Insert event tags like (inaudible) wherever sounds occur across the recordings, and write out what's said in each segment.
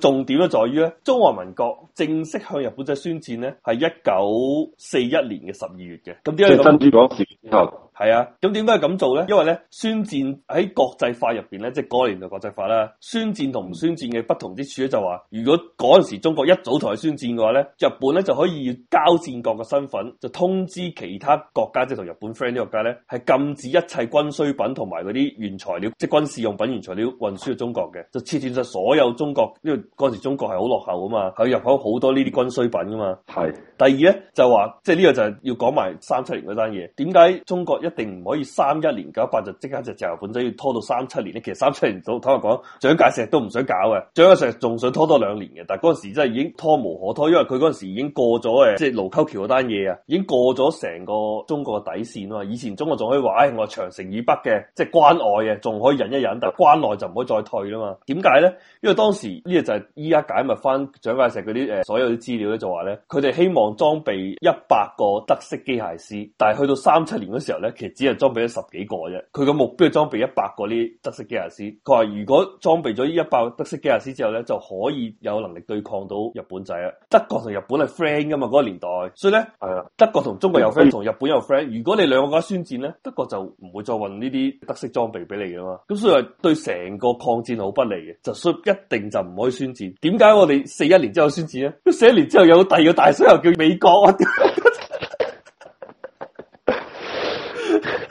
重點咧在於中華民國正式向日本仔宣戰咧，係一九四一年嘅十二月嘅。咁點解你咁？ (noise) (noise) 係啊，咁點解要咁做咧？因為咧宣戰喺國際法入邊咧，即係個年代國際法啦。宣戰同唔宣戰嘅不同之處咧，就話如果嗰陣時中國一早同佢宣戰嘅話咧，日本咧就可以以交戰國嘅身份，就通知其他國家，即係同日本 friend 啲國家咧，係禁止一切軍需品同埋嗰啲原材料，即、就、係、是、軍事用品原材料運輸到中國嘅，就切斷曬所有中國，因為嗰陣時中國係好落後啊嘛，佢入口好多呢啲軍需品噶嘛。係的。第二咧就話，即係呢個就係要講埋三七年嗰單嘢。點解中國一一定唔可以三一年九一八就即刻就就日本仔，所以要拖到三七年咧。其實三七年早。坦白講，蔣介石都唔想搞嘅，蔣介石仲想拖多兩年嘅。但係嗰陣時真係已經拖無可拖，因為佢嗰陣時已經過咗嘅，即係盧溝橋嗰單嘢啊，已經過咗成個中國嘅底線啊嘛。以前中國仲可以話，哎，我長城以北嘅，即係關外嘅，仲可以忍一忍，但係關內就唔可以再退啊嘛。點解咧？因為當時呢個就係依家解密翻蔣介石嗰啲誒所有啲資料咧，就話咧，佢哋希望裝備一百個德式機械師，但係去到三七年嗰時候咧。其實只係裝備咗十幾個啫，佢個目標係裝備一百個呢德式機械師。佢話如果裝備咗呢一百個德式機械師之後咧，就可以有能力對抗到日本仔啦。德國同日本係 friend 噶嘛嗰、那個年代，所以咧係啊，的德國同中國有 friend，同日本有 friend。如果你兩個搞宣戰咧，德國就唔會再運呢啲德式裝備俾你噶嘛。咁所以話對成個抗戰好不利嘅，就所以一定就唔可以宣戰。點解我哋四一年之後宣戰咧？四一年之後有第二個大水又叫美國、啊。 (laughs)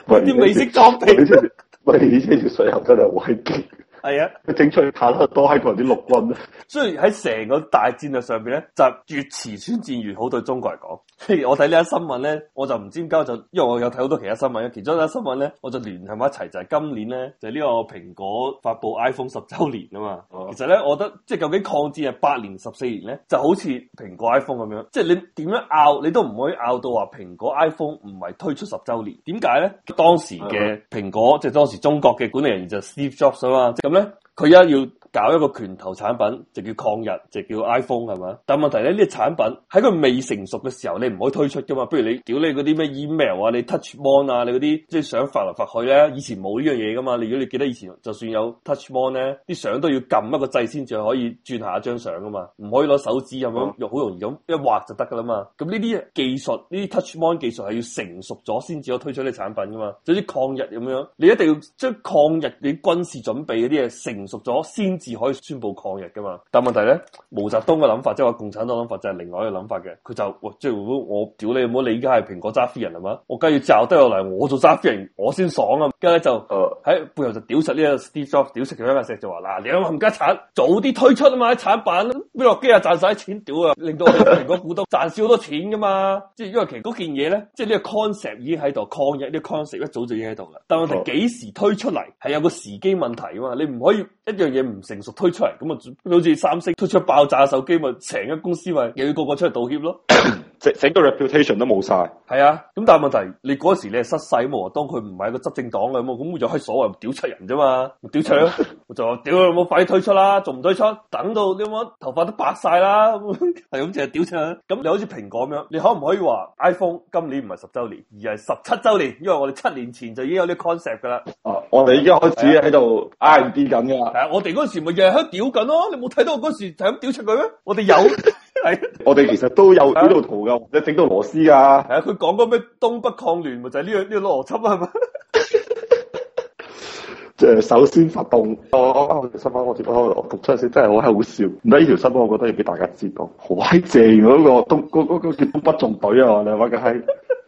喂，啲美式裝備，喂，以前條水喉真係威勁，係啊，佢整出嚟打得多喺嗰啲陸軍咧。 (laughs) (laughs) 雖然喺成個大戰略上面呢，就是、越遲宣戰越好，對中國嚟講。我睇呢啲新聞咧，我就唔知點解，就因為我有睇好多其他新聞。其中一新聞咧，我就聯繫埋一齊，就係今年咧，就係呢個蘋果發佈 iPhone 十周年啊嘛。Uh huh. 其實咧，我覺得即係究竟抗戰係八年十四年咧，就好似蘋果 iPhone 咁樣。即係你點樣拗，你都唔可以拗到話蘋果 iPhone 唔係推出十周年。點解咧？當時嘅蘋果，uh huh. 即係當時中國嘅管理人員就 Steve Jobs 啊嘛。咁咧，佢而家要。搞一個拳頭產品，就叫抗日，就叫 iPhone 係嘛？但問題咧，呢啲產品喺佢未成熟嘅時候，你唔可以推出㗎嘛？不如你屌你嗰啲咩 email 啊，你 touch mon 啊，你嗰啲即係想發嚟發去咧，以前冇呢樣嘢㗎嘛？如果你記得以前，就算有 touch mon 咧，啲相都要撳一個掣先至可以轉下一張相㗎嘛，唔可以攞手指咁樣，用好容易咁一畫就得㗎啦嘛。咁呢啲技術，呢啲 touch mon 技術係要成熟咗先至可以推出呢啲產品㗎嘛。總之抗日咁樣，你一定要將抗日你軍事準備嗰啲嘢成熟咗先至可以宣布抗日噶嘛？但問題咧，毛澤東嘅諗法即係話共產黨諗法就係、是、另外一個諗法嘅。佢就喂，即我即係我屌你唔好理而家係蘋果揸飛人啊嘛，我梗要罩得落嚟，我做揸飛人，我先爽啊！跟住咧就喺、啊、背後就屌實呢個 Steve Jobs，屌實佢一塊石就話嗱，兩冚、啊、家鏟，早啲推出啊嘛，啲產品。落機啊，賺晒啲錢屌啊，令到成個股東賺少好多錢噶嘛，即係因為其實嗰件嘢咧，即係呢個 concept 已經喺度，抗日呢個 concept 一早就已經喺度啦。但係我哋幾時推出嚟，係有個時機問題啊嘛，你唔可以一樣嘢唔成熟推出嚟，咁啊好似三星推出爆炸手機咪，成間公司咪又要個個出嚟道歉咯。 (coughs) 整整個 reputation 都冇晒，係啊！咁但係問題，你嗰時你係失勢咁啊，當佢唔係一個執政黨嘅咁，咁就開所謂屌出人啫嘛，屌出啦！ (laughs) 我就話屌有冇快啲推出啦，仲唔推出，等到你有冇？頭髮都白晒啦，係咁淨係屌出啦！咁、嗯嗯、 (laughs) 你好似蘋果咁樣，你可唔可以話 iPhone 今年唔係十週年，而係十七週年？因為我哋七年前就已經有啲 concept 噶啦。哦 (laughs) 、啊，我哋已經開始喺度唔掂緊噶。係啊，我哋嗰時咪日日喺度屌緊咯，你冇睇到我嗰時就咁屌出佢咩？我哋有。 (noise) 我哋其實都有呢度圖噶，你整到螺絲噶。係啊，佢講嗰咩東北抗聯咪就係呢樣呢個邏輯啊，係嘛？即係首先發動。我我啱啱我條新聞我讀出嚟先，真係好閪好笑。唔 (laughs) (music) 得呢條新聞，我覺得要俾大家知道，好閪正嗰個東嗰嗰個叫東北縱隊啊，你話解？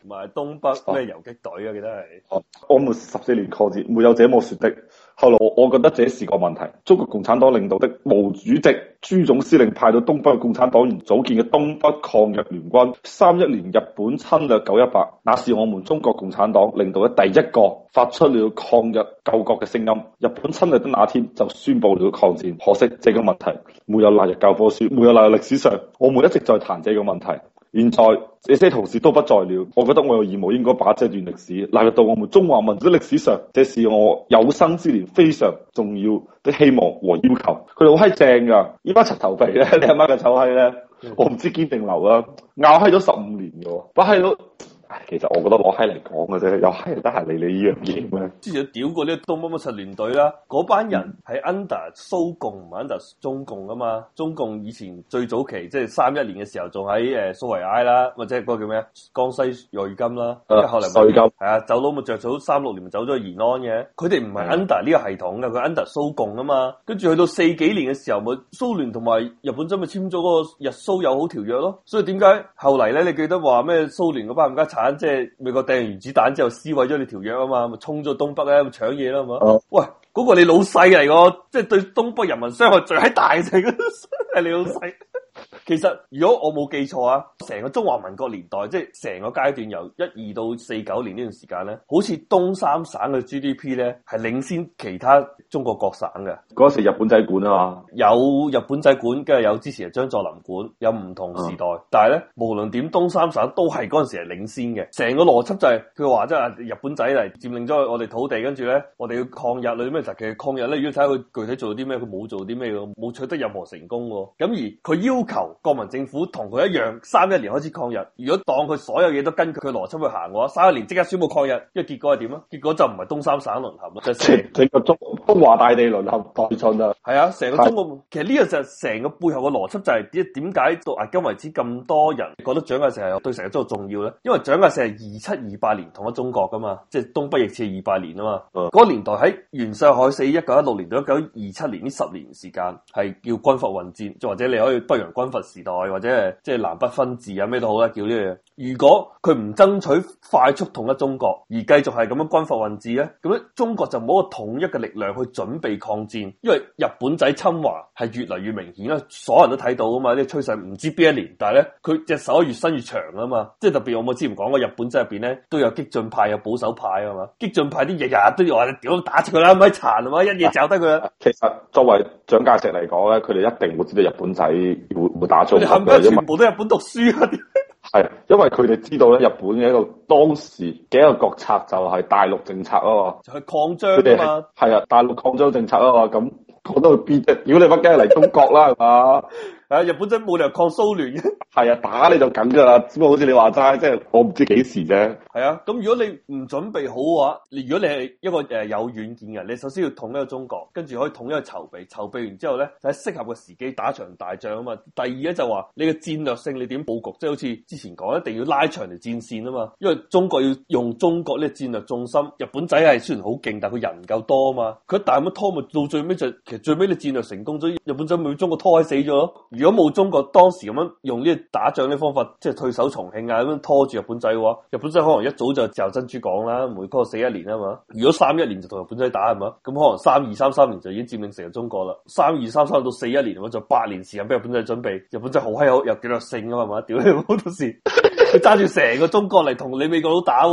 同埋東北咩游擊隊啊？記得係。哦 (laughs) 我冇十四年抗戰，沒有這麼說的。 (music) Hello，我覺得這是個問題。中國共產黨領導的毛主席、朱總司令派到東北共產黨員組建嘅東北抗日聯軍，三一年日本侵略九一八，那是我們中國共產黨領導嘅第一個發出了抗日救國嘅聲音。日本侵略的那天就宣佈了抗戰，可惜這個問題沒有納入教科書，沒有納入歷史上。我們一直在談這個問題。現在這些同事都不在了，我覺得我有義務應該把這段歷史納入到我們中華民族的歷史上，這是我有生之年非常重要的希望和要求。佢哋好閪正噶，呢班柒頭皮咧，你阿媽嘅臭閪咧，我唔知堅定流啦，咬閪咗十五年噶，不過閪其實我覺得攞閪嚟講嘅啫，又有閪得閒理你呢樣嘢咩？之前屌過啲東歐乜柒聯隊啦，嗰班人係 under 蘇共，唔 under 中共啊嘛。中共以前最早期即係三一年嘅時候，仲喺誒蘇維埃啦，或者嗰個叫咩啊？江西瑞金啦，呃、後嚟來瑞金係啊，走佬咪着咗三六年，走咗去延安嘅。佢哋唔係 under 呢個系統嘅，佢、嗯、under 蘇共啊嘛。跟住去到四幾年嘅時候，咪蘇聯同埋日本真咪簽咗嗰個日蘇友好條約咯。所以點解後嚟咧？你記得話咩？蘇聯嗰班更加慘。即係美國掟完子彈之後，撕毀咗你條約啊嘛，咪衝咗東北咧、啊，搶嘢啦，嘛？嗯、喂，嗰、那個你老細嚟個，即、就、係、是、對東北人民傷害最係大嘅，係你老細。 (laughs) 其實如果我冇記錯啊，成個中華民國年代，即係成個階段由一二到四九年呢段時間咧，好似東三省嘅 GDP 咧係領先其他。中國各省嘅，嗰時日本仔管啊，有日本仔管，跟住有之前張作霖管，有唔同時代，嗯、但係咧無論點，東三省都係嗰陣時係領先嘅。成個邏輯就係佢話即係日本仔嚟佔領咗我哋土地，跟住咧我哋要抗日，你點樣實際抗日咧？如果睇下佢具體做啲咩，佢冇做啲咩，冇取得任何成功喎。咁而佢要求國民政府同佢一樣，三一年開始抗日。如果當佢所有嘢都根據佢嘅邏輯去行嘅話，三一年即刻宣布抗日，因為結果係點啊？結果就唔係東三省淪陷咯，就成整個中。 (laughs) 話大地輪后待春啦，係啊，成、啊、個中國，是其實呢個就成個背後嘅邏輯就係點？點解到而今為止咁多人覺得蔣介石係對成個中國重要咧？因為蔣介石係二七二八年同一中國噶嘛，即係東北易幟二八年啊嘛。嗰、那個年代喺袁世凱死一九一六年到一九二七年呢十年時間係叫軍閥混戰，或者你可以北洋軍閥時代，或者係即係南北分治啊，咩都好啦，叫呢樣。如果佢唔爭取快速統一中國，而繼續係咁樣軍閥混戰咧，咁咧中國就冇一個統一嘅力量去準備抗戰，因為日本仔侵華係越嚟越明顯啦，所有人都睇到啊嘛，呢啲趨勢唔知邊一年，但係咧佢隻手越伸越長啊嘛，即係特別我冇之前講過，日本仔入邊咧都有激進派，有保守派啊嘛，激進派啲日日都要話你屌，打出佢啦，唔可以殘啊嘛，一嘢就得佢啊。其實作為蔣介石嚟講咧，佢哋一定會知道日本仔會會打中國，全部都日本讀書係，因為佢哋知道咧，日本嘅一個當時嘅一個國策就係大陸政策啊嘛，就係擴張，佢哋係係啊，大陸擴張政策啊嘛，咁講到去邊啫？如果你不梗係嚟中國啦，係嘛？ (laughs) 啊！日本仔冇理由抗蘇聯嘅，係 (laughs) 啊，打你就咁噶啦，不過啊，好似你話齋，即係我唔知幾時啫。係啊，咁如果你唔準備好嘅話，如果你係一個誒有遠見嘅，你首先要統一,一個中國，跟住可以統一,一個籌備，籌備完之後咧，就喺、是、適合嘅時機打場大仗啊嘛。第二咧就話你嘅戰略性，你點佈局，即、就、係、是、好似之前講，一定要拉長條戰線啊嘛。因為中國要用中國呢個戰略重心，日本仔係雖然好勁，但佢人唔夠多啊嘛。佢大咁拖咪到最尾就，其實最尾你戰略成功咗，日本仔咪中國拖死咗。如果冇中國當時咁樣用呢啲打仗啲方法，即係退守重慶啊，咁拖住日本仔喎。日本仔可能一早就就珍珠港啦，每嗰四一年啊嘛。如果三一年就同日本仔打，係嘛？咁可能三二三三年就已經佔領成個中國啦。三二三三到四一年，咁就八年時間俾日本仔準備。日本仔好閪好，有紀律性啊嘛，屌你老母都蝕，揸住成個中國嚟同你美國佬打，啊。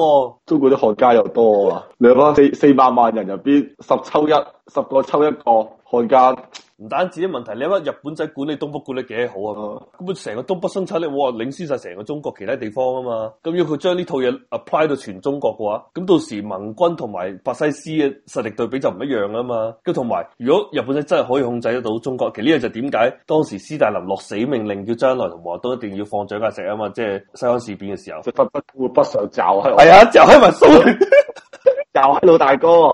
中國啲漢奸又多啊，兩百四四百萬人入邊，十抽一，十個抽一個漢奸。唔單止啲問題，你話日本仔管理東北管理幾好啊？咁啊、嗯，成個東北生產力，哇，領先晒成個中國其他地方啊嘛。咁要佢將呢套嘢 apply 到全中國嘅話，咁到時盟軍同埋法西斯嘅實力對比就唔一樣啊嘛。咁同埋，如果日本仔真係可以控制得到中國，其實呢樣就點解當時斯大林落死命令，叫將來同和都一定要放蔣介石啊嘛？即係西安事變嘅時候，會不北不上就係啊，就喺埋蘇，就係老大哥。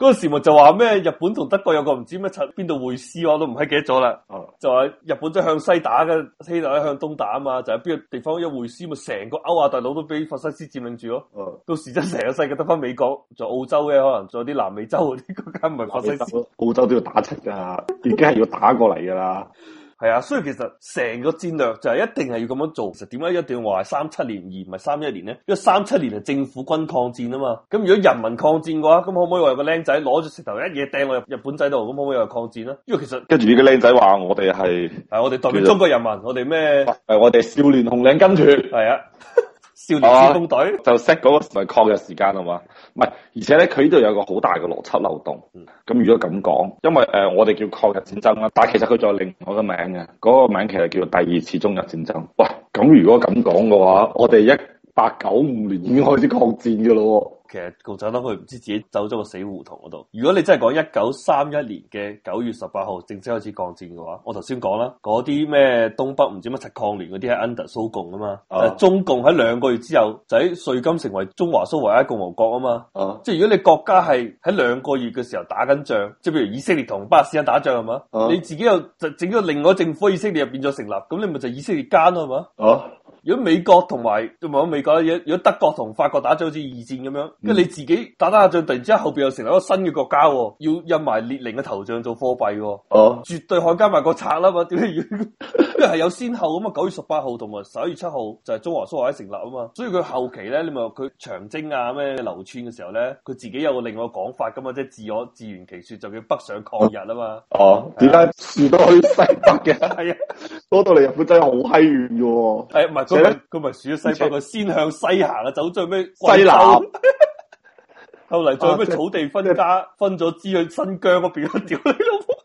嗰個時候就話咩？日本同德國有個唔知咩拆邊度會師，我都唔係記得咗啦。嗯、就話日本即向西打嘅希特勒向東打啊嘛，就喺邊個地方一會師，咪成個歐亞大陸都俾法西斯佔領住咯。嗯、到時真成個世界得翻美國，就澳洲嘅可能仲有啲南美洲嗰啲、這個、國家唔係法西斯。澳洲都要打出㗎，已經係要打過嚟㗎啦。 (laughs) 係啊，所以其實成個戰略就係一定係要咁樣做。其實點解一定要話係三七年而唔係三一年咧？因為三七年係政府軍抗戰啊嘛。咁如果人民抗戰嘅話，咁可唔可以話有個靚仔攞住石頭一嘢掟我入日本仔度？咁可唔可以話抗戰咧？因為其實跟住呢個靚仔話我哋係，係我哋代表中國人民，實我哋咩？係我哋少年紅領巾團。係啊的。 (laughs) 哦、啊，就 set 嗰個咪抗日時間啊嘛，唔係，而且咧佢呢度有個好大嘅邏輯漏洞。咁如果咁講，因為誒、呃、我哋叫抗日戰爭啦，但係其實佢仲有另外一個名嘅，嗰、嗰個名其實叫做第二次中日戰爭。喂，咁如果咁講嘅話，我哋一八九五年已經開始抗戰噶咯。其實共產黨佢唔知自己走咗個死胡同嗰度。如果你真係講一九三一年嘅九月十八號正式開始抗戰嘅話，我頭先講啦，嗰啲咩東北唔知乜七抗聯嗰啲係 under 蘇共啊嘛，啊中共喺兩個月之後就喺瑞金成為中華蘇維埃共和國啊嘛，啊即係如果你國家係喺兩個月嘅時候打緊仗，即係譬如以色列同巴勒斯坦打仗係嘛，啊、你自己又整咗另外個政府，以色列又變咗成立，咁你咪就，就以色列奸咯係嘛？哦，啊、如果美國同埋同埋美國，如果如果德國同法國打仗好似二戰咁樣。跟住你自己打打下仗，突然之間後邊又成立一個新嘅國家，要印埋列寧嘅頭像做貨幣，哦、啊，絕對漢奸埋個策啦嘛？點解？ (laughs) 因為係有先後咁嘛，九月十八號同埋十一月七號就係中華蘇維埃喺成立啊嘛。所以佢後期咧，你咪佢長征啊咩流竄嘅時候咧，佢自己有個另外講法噶嘛，即係自我自圓其說，就叫北上抗日啊嘛。哦、啊，點解、啊？樹到、啊、去西北嘅係 (laughs) (laughs) (laughs) 啊，多到嚟日本真係好閪遠嘅。誒，唔係、哎，佢咪樹咗西北，佢先向西行啊，走最尾西南。 (laughs) (laughs) 後嚟再咩草地分家分，分咗支去新疆嗰邊嗰，屌你老母！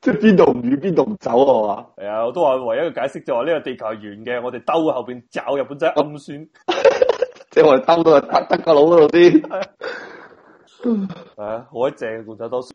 即係邊度唔遠邊度唔走啊？係嘛、嗯？係、嗯、啊，我都話唯一嘅解釋就話呢個地球係圓嘅，我哋兜後邊找日本仔暗算，即係我哋兜到得德國佬嗰度啲。係啊，好正嘅走多都。